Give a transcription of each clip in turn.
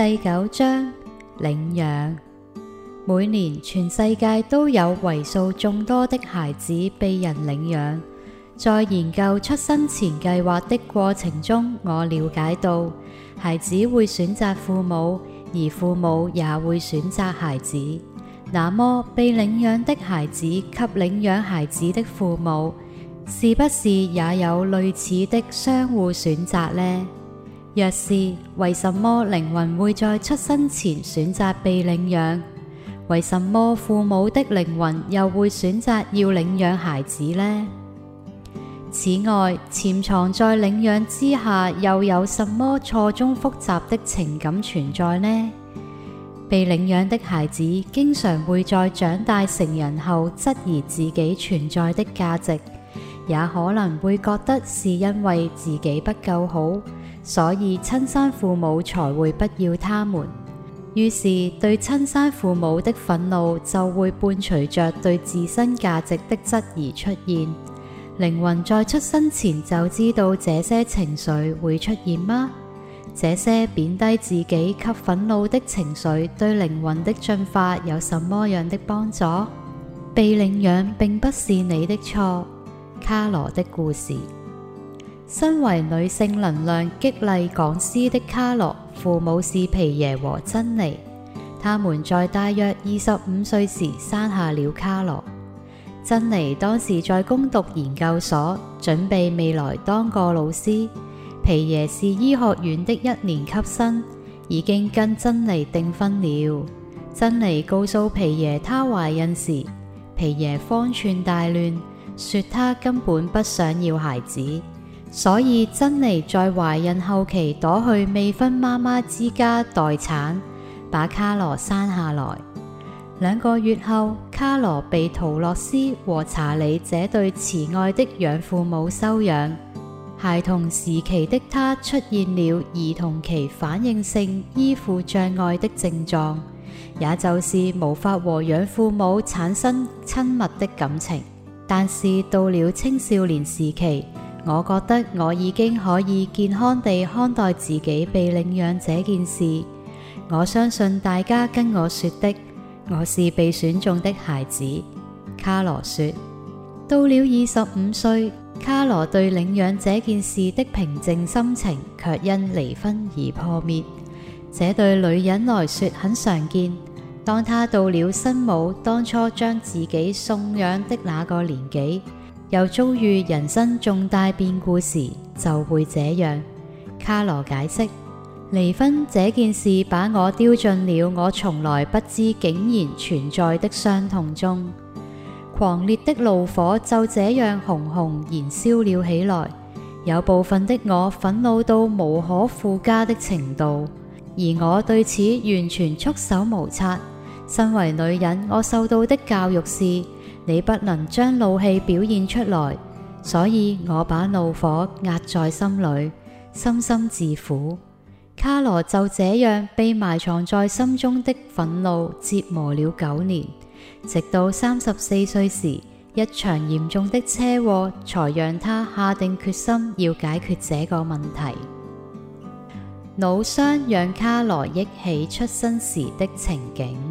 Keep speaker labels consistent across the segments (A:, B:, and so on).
A: 第九章領養，每年全世界都有為數眾多的孩子被人領養。在研究出生前計劃的過程中，我了解到孩子會選擇父母，而父母也會選擇孩子。那麼被領養的孩子及領養孩子的父母，是不是也有類似的相互選擇呢？若是為什麼靈魂會在出生前選擇被領養？為什麼父母的靈魂又會選擇要領養孩子呢？此外，潛藏在領養之下，又有什麼錯綜複雜的情感存在呢？被領養的孩子經常會在長大成人後質疑自己存在的價值，也可能會覺得是因為自己不夠好。所以親生父母才會不要他們，於是對親生父母的憤怒就會伴隨着對自身價值的質疑出現。靈魂在出生前就知道這些情緒會出現嗎？這些貶低自己及憤怒的情緒對靈魂的進化有什麼樣的幫助？被領養並不是你的錯。卡蘿的故事。身為女性能量激勵講師的卡蘿，父母是皮耶和珍妮，他們在大約二十五歲時生下了卡蘿。珍妮當時在攻讀研究所，準備未來當個老師。皮耶是醫學院的一年級生，已經跟珍妮訂婚了。珍妮告訴皮耶，她懷孕時，皮耶方寸大亂，說他根本不想要孩子。所以珍妮在懷孕後期躲去未婚媽媽之家待產，把卡羅生下來。兩個月後，卡羅被圖洛斯和查理這對慈愛的養父母收養。孩童時期的他出現了兒童期反應性依附障礙的症狀，也就是無法和養父母產生親密的感情。但是到了青少年時期，我覺得我已經可以健康地看待自己被領養這件事。我相信大家跟我說的，我是被選中的孩子。卡羅說，到了二十五歲，卡羅對領養這件事的平靜心情卻因離婚而破滅。這對女人來說很常見。當她到了生母當初將自己送養的那個年紀。又遭遇人生重大變故時，就會這樣。卡羅解釋離婚這件事，把我丟進了我從來不知竟然存在的傷痛中。狂烈的怒火就這樣熊熊燃燒了起來，有部分的我憤怒到無可附加的程度，而我對此完全束手無策。身為女人，我受到的教育是。你不能將怒氣表現出來，所以我把怒火壓在心裏，深深自苦。卡羅就這樣被埋藏在心中的憤怒折磨了九年，直到三十四歲時，一場嚴重的車禍才讓他下定決心要解決這個問題。腦傷讓卡羅憶起出生時的情景。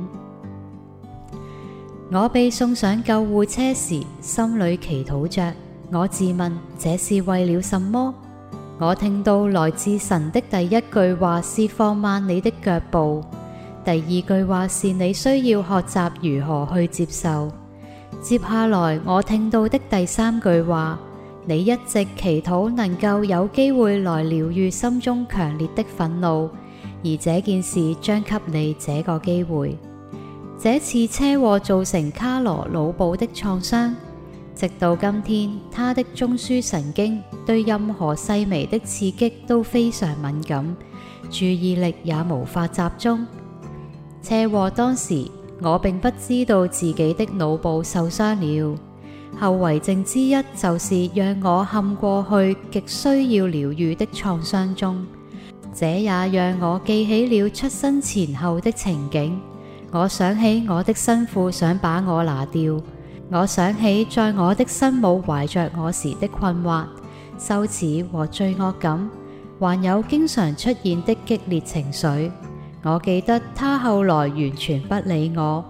A: 我被送上救護車時，心裏祈禱着，我自問這是為了什麼？我聽到來自神的第一句話是放慢你的腳步，第二句話是你需要學習如何去接受。接下來我聽到的第三句話，你一直祈禱能夠有機會來療癒心中強烈的憤怒，而這件事將給你這個機會。這次車禍造成卡蘿腦部的創傷，直到今天，他的中樞神經對任何細微的刺激都非常敏感，注意力也無法集中。車禍當時，我並不知道自己的腦部受傷了，後遺症之一就是讓我陷過去極需要療癒的創傷中，這也讓我記起了出生前後的情景。我想起我的生父想把我拿掉，我想起在我的生母懷着我時的困惑、羞恥和罪惡感，還有經常出現的激烈情緒。我記得他後來完全不理我，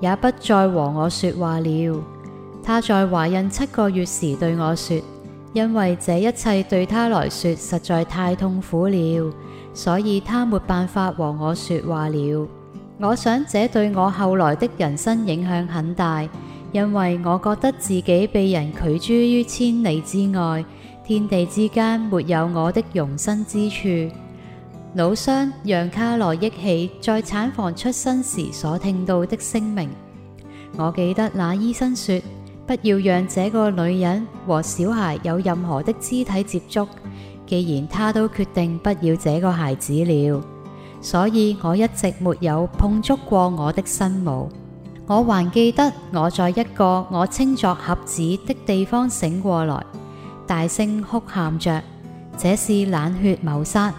A: 也不再和我說話了。他在懷孕七個月時對我說，因為這一切對他來說實在太痛苦了，所以他沒辦法和我說話了。我想這對我後來的人生影響很大，因為我覺得自己被人拒諸於千里之外，天地之間沒有我的容身之處。腦傷讓卡羅憶起在產房出生時所聽到的聲明，我記得那醫生說：不要讓這個女人和小孩有任何的肢體接觸，既然她都決定不要這個孩子了。所以我一直沒有碰觸過我的生母。我還記得我在一個我稱作盒子的地方醒過來，大聲哭喊着：這是冷血謀殺！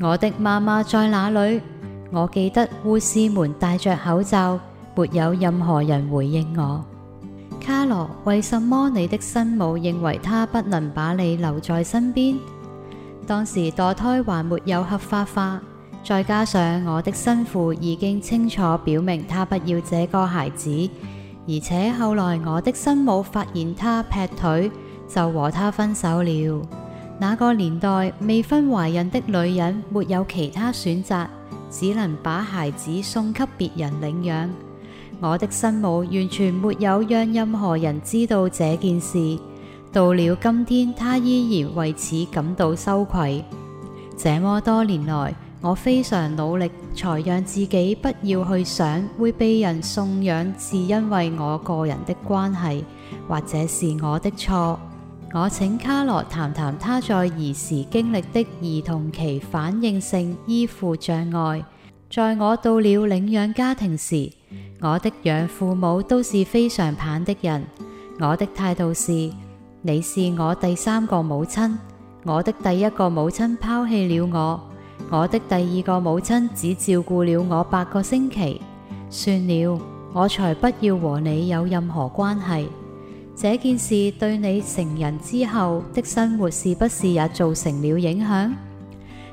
A: 我的媽媽在哪裏？我記得護士們戴着口罩，沒有任何人回應我。卡羅，為什麼你的生母認為她不能把你留在身邊？當時墮胎還沒有合法化。再加上我的生父已經清楚表明，他不要這個孩子，而且後來我的生母發現他劈腿，就和他分手了。那個年代未婚懷孕的女人沒有其他選擇，只能把孩子送給別人領養。我的生母完全沒有讓任何人知道這件事，到了今天，她依然為此感到羞愧。這麼多年來。我非常努力，才讓自己不要去想會被人送養是因為我個人的關係，或者是我的錯。我請卡羅談談他在兒時經歷的兒童期反應性依附障礙。在我到了領養家庭時，我的養父母都是非常棒的人。我的態度是：你是我第三個母親，我的第一個母親拋棄了我。我的第二個母親只照顧了我八個星期，算了，我才不要和你有任何關係。這件事對你成人之後的生活是不是也造成了影響？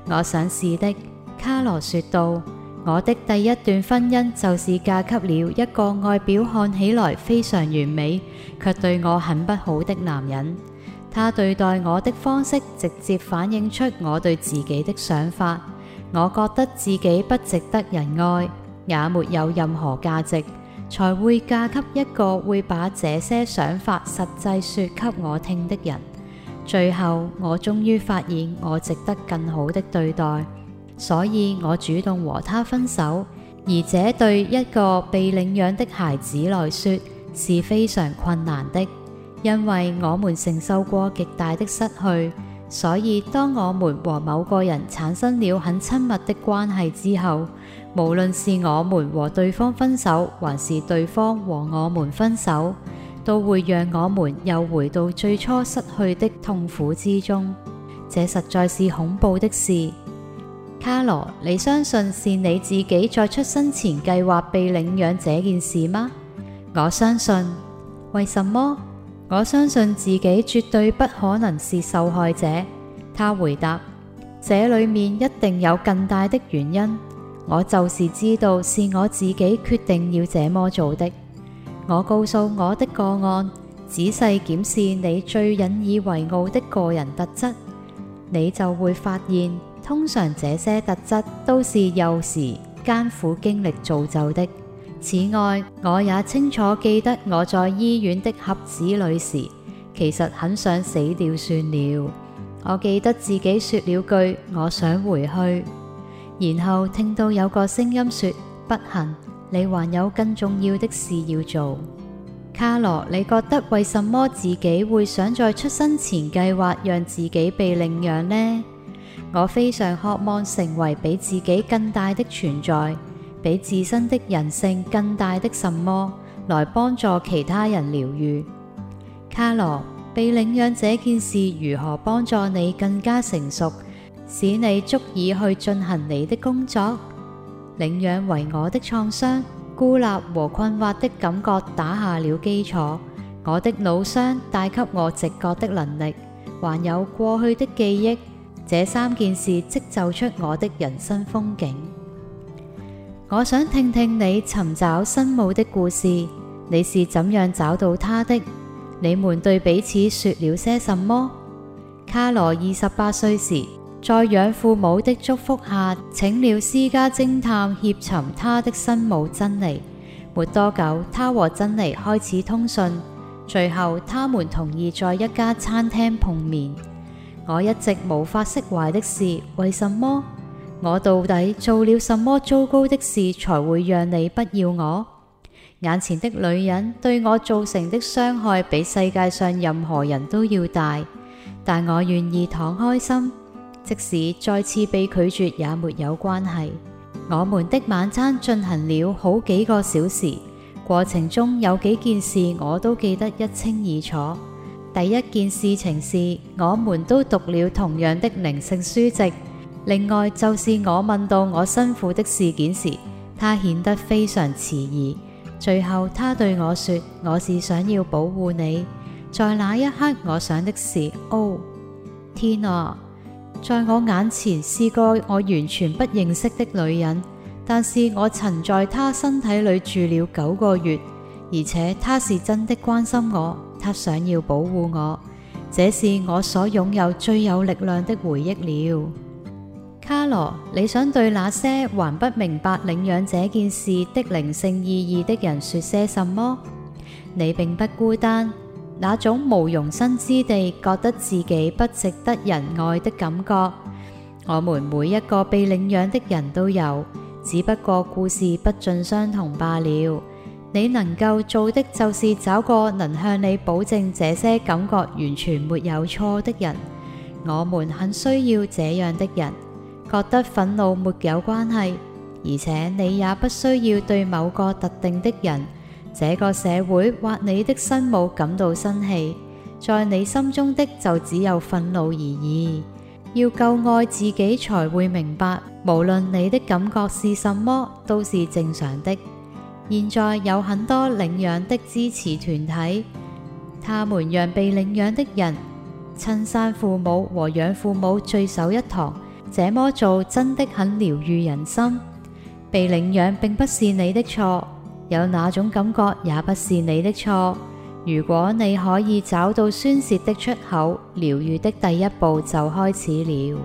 A: 我想是的，卡羅說道。我的第一段婚姻就是嫁給了一個外表看起來非常完美，卻對我很不好的男人。他對待我的方式，直接反映出我對自己的想法。我覺得自己不值得人愛，也沒有任何價值，才會嫁給一個會把這些想法實際說給我聽的人。最後，我終於發現我值得更好的對待，所以我主動和他分手，而這對一個被領養的孩子來說是非常困難的。因為我們承受過極大的失去，所以當我們和某個人產生了很親密的關係之後，無論是我們和對方分手，還是對方和我們分手，都會讓我們又回到最初失去的痛苦之中。這實在是恐怖的事。卡羅，你相信是你自己在出生前計劃被領養這件事嗎？我相信。為什麼？我相信自己絕對不可能是受害者，他回答：這裏面一定有更大的原因。我就是知道是我自己決定要這麼做的。我告訴我的個案，仔細檢視你最引以為傲的個人特質，你就會發現，通常這些特質都是幼時艱苦經歷造就的。此外，我也清楚記得我在醫院的盒子裏時，其實很想死掉算了。我記得自己說了句我想回去，然後聽到有個聲音說：不行，你還有更重要的事要做。卡蘿，你覺得為什麼自己會想在出生前計劃讓自己被領養呢？我非常渴望成為比自己更大的存在。比自身的人性更大的什麼，來幫助其他人療愈？卡羅，被領養這件事如何幫助你更加成熟，使你足以去進行你的工作？領養為我的創傷、孤立和困惑的感覺打下了基礎。我的腦傷帶給我直覺的能力，還有過去的記憶，這三件事即就出我的人生風景。我想聽聽你尋找生母的故事。你是怎樣找到她的？你們對彼此說了些什麼？卡羅二十八歲時，在養父母的祝福下，請了私家偵探協尋她的生母珍妮。沒多久，她和珍妮開始通訊。最後，他們同意在一家餐廳碰面。我一直無法釋懷的是，為什麼？我到底做了什麼糟糕的事，才會讓你不要我？眼前的女人對我造成的傷害，比世界上任何人都要大，但我願意敞開心，即使再次被拒絕也沒有關係。我們的晚餐進行了好幾個小時，過程中有幾件事我都記得一清二楚。第一件事情是，我們都讀了同樣的靈性書籍。另外就是我問到我生父的事件時，他顯得非常遲疑。最後他對我說：我是想要保護你。在那一刻，我想的是哦，天啊！在我眼前是個我完全不認識的女人，但是我曾在她身體裏住了九個月，而且她是真的關心我，她想要保護我。這是我所擁有最有力量的回憶了。卡蘿，你想對那些還不明白領養這件事的靈性意義的人說些什麼？你並不孤單，那種無容身之地、覺得自己不值得人愛的感覺，我們每一個被領養的人都有，只不過故事不盡相同罷了。你能夠做的就是找個能向你保證這些感覺完全沒有錯的人。我們很需要這樣的人。覺得憤怒沒有關係，而且你也不需要對某個特定的人、這個社會或你的生母感到生氣。在你心中的就只有憤怒而已。要夠愛自己，才會明白，無論你的感覺是什麼，都是正常的。現在有很多領養的支持團體，他們讓被領養的人親生父母和養父母聚首一堂。這麼做真的很療癒人心。被領養並不是你的錯，有那種感覺也不是你的錯。如果你可以找到宣泄的出口，療癒的第一步就開始了。